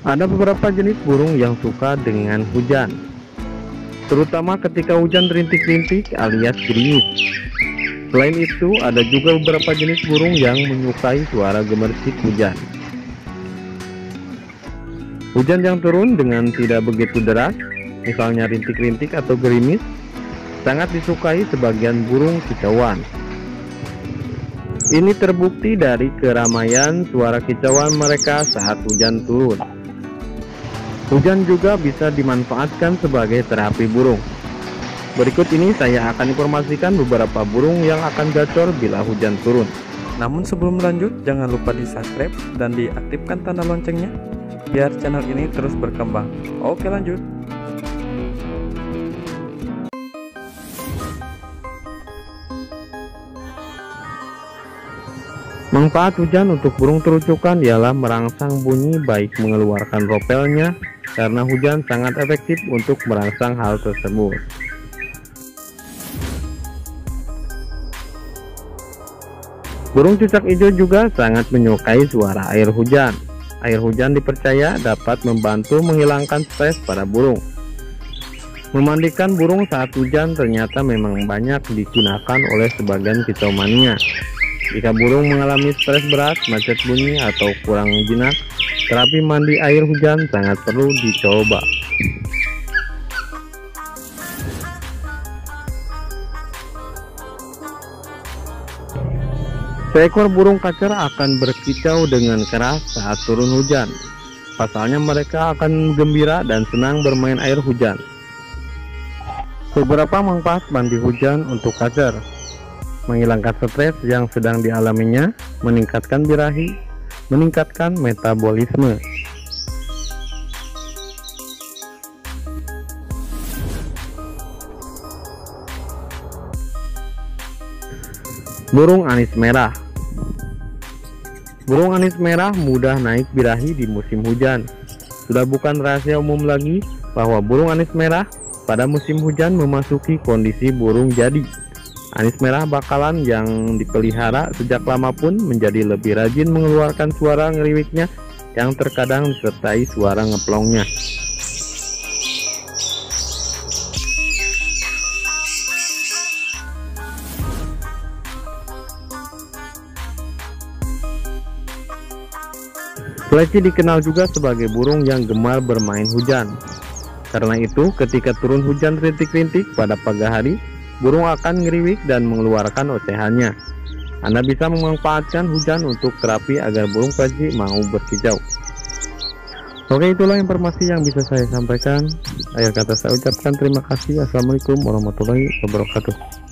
Ada beberapa jenis burung yang suka dengan hujan, terutama ketika hujan rintik-rintik alias gerimis. Selain itu, ada juga beberapa jenis burung yang menyukai suara gemercik hujan. Hujan yang turun dengan tidak begitu deras, misalnya rintik-rintik atau gerimis, sangat disukai sebagian burung kicauan. Ini terbukti dari keramaian suara kicauan mereka saat hujan turun. Hujan juga bisa dimanfaatkan sebagai terapi burung. Berikut ini saya akan informasikan beberapa burung yang akan gacor bila hujan turun. Namun sebelum lanjut, jangan lupa di subscribe dan diaktifkan tanda loncengnya biar channel ini terus berkembang. Oke lanjut. Manfaat hujan untuk burung terucukan ialah merangsang bunyi baik mengeluarkan ropelnya karena hujan sangat efektif untuk merangsang hal tersebut. Burung cucak hijau juga sangat menyukai suara air hujan. Air hujan dipercaya dapat membantu menghilangkan stres pada burung. Memandikan burung saat hujan ternyata memang banyak digunakan oleh sebagian kicau mania jika burung mengalami stres berat, macet bunyi, atau kurang jinak, terapi mandi air hujan sangat perlu dicoba. Seekor burung kacer akan berkicau dengan keras saat turun hujan. Pasalnya mereka akan gembira dan senang bermain air hujan. Beberapa manfaat mandi hujan untuk kacer menghilangkan stres yang sedang dialaminya, meningkatkan birahi, meningkatkan metabolisme. Burung anis merah Burung anis merah mudah naik birahi di musim hujan. Sudah bukan rahasia umum lagi bahwa burung anis merah pada musim hujan memasuki kondisi burung jadi. Anis Merah bakalan yang dipelihara sejak lama pun menjadi lebih rajin mengeluarkan suara ngeriwiknya yang terkadang disertai suara ngeplongnya. Leci dikenal juga sebagai burung yang gemar bermain hujan. Karena itu, ketika turun hujan rintik-rintik pada pagi hari, burung akan ngeriwik dan mengeluarkan ocehannya. Anda bisa memanfaatkan hujan untuk terapi agar burung peci mau berkicau. Oke itulah informasi yang bisa saya sampaikan. Ayah kata saya ucapkan terima kasih. Assalamualaikum warahmatullahi wabarakatuh.